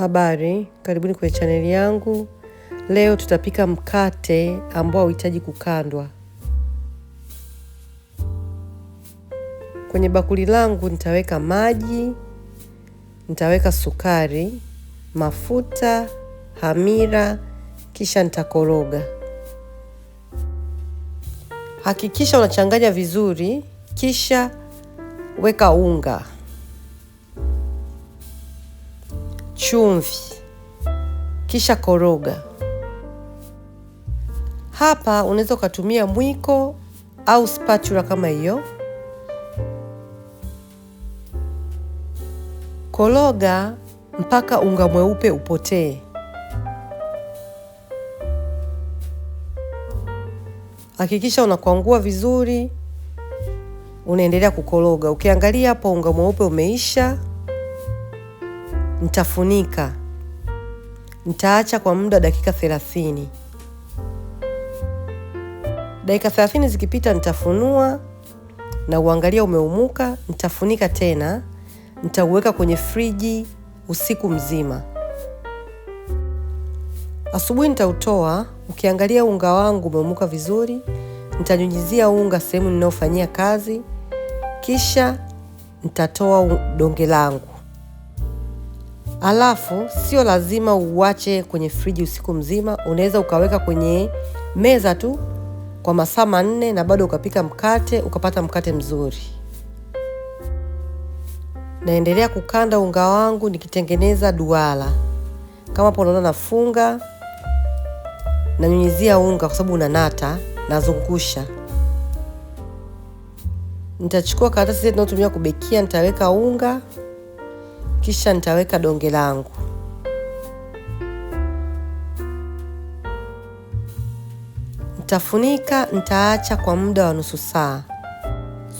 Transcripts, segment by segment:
Habari, karibuni kwenye chaneli yangu. Leo tutapika mkate ambao hauhitaji kukandwa. Kwenye bakuli langu nitaweka maji, nitaweka sukari, mafuta, hamira, kisha nitakoroga. Hakikisha unachanganya vizuri, kisha weka unga. chumvi, kisha koroga. Hapa unaweza ukatumia mwiko au spatula kama hiyo. Koroga mpaka unga mweupe upotee. Hakikisha unakwangua vizuri, unaendelea kukoroga. Ukiangalia hapo, unga mweupe umeisha. Nitafunika, nitaacha kwa muda wa dakika thelathini. Dakika thelathini zikipita, nitafunua na uangalia umeumuka, nitafunika tena, nitauweka kwenye friji usiku mzima. Asubuhi nitautoa. Ukiangalia unga wangu umeumuka vizuri, nitanyunyizia unga sehemu ninayofanyia kazi, kisha nitatoa donge langu. Alafu sio lazima uwache kwenye friji usiku mzima, unaweza ukaweka kwenye meza tu kwa masaa manne na bado ukapika mkate ukapata mkate mzuri. Naendelea kukanda unga wangu nikitengeneza duara. Kama hapo unaona, nafunga nanyunyizia unga kwa sababu unanata, nazungusha. Nitachukua karatasi tunayotumia kubekia, nitaweka unga kisha nitaweka donge langu. Nitafunika, nitaacha kwa muda wa nusu saa.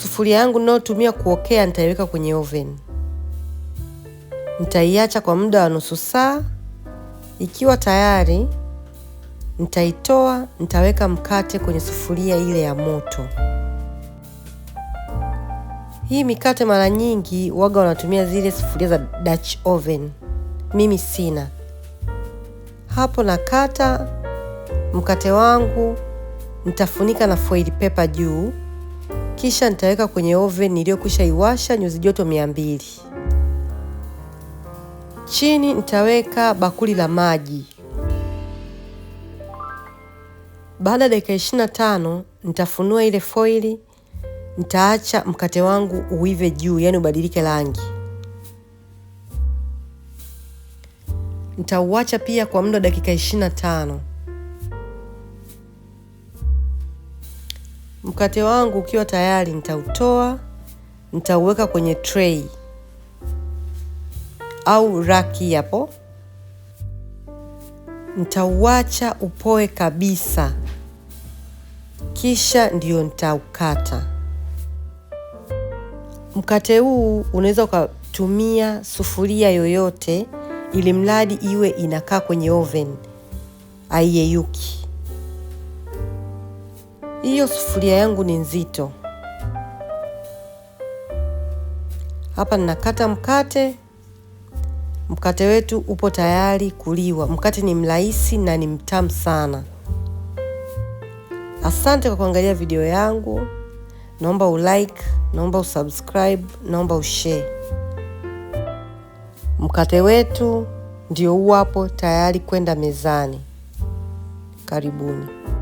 Sufuria yangu ninayotumia kuokea nitaiweka kwenye oven, nitaiacha kwa muda wa nusu saa. Ikiwa tayari, nitaitoa, nitaweka mkate kwenye sufuria ile ya moto. Hii mikate mara nyingi waga wanatumia zile sufuria za Dutch oven, mimi sina. Hapo nakata mkate wangu, nitafunika na foil paper juu, kisha nitaweka kwenye oven niliyokwisha iwasha nyuzi joto mia mbili. Chini nitaweka bakuli la maji. Baada ya dakika 25 nitafunua ile foili ntaacha mkate wangu uive juu, yani ubadilike rangi. Nitauacha pia kwa muda wa dakika 25 Mkate wangu ukiwa tayari, nitautoa nitauweka kwenye tray au raki hapo. Nitauacha upoe kabisa, kisha ndio nitaukata. Mkate huu unaweza ukatumia sufuria yoyote, ili mradi iwe inakaa kwenye oven, aiyeyuki. Hiyo sufuria yangu ni nzito. Hapa ninakata mkate. Mkate wetu upo tayari kuliwa. Mkate ni mrahisi na ni mtamu sana. Asante kwa kuangalia video yangu naomba ulike, naomba usubscribe, naomba ushare. Mkate wetu ndio uwapo tayari kwenda mezani. Karibuni.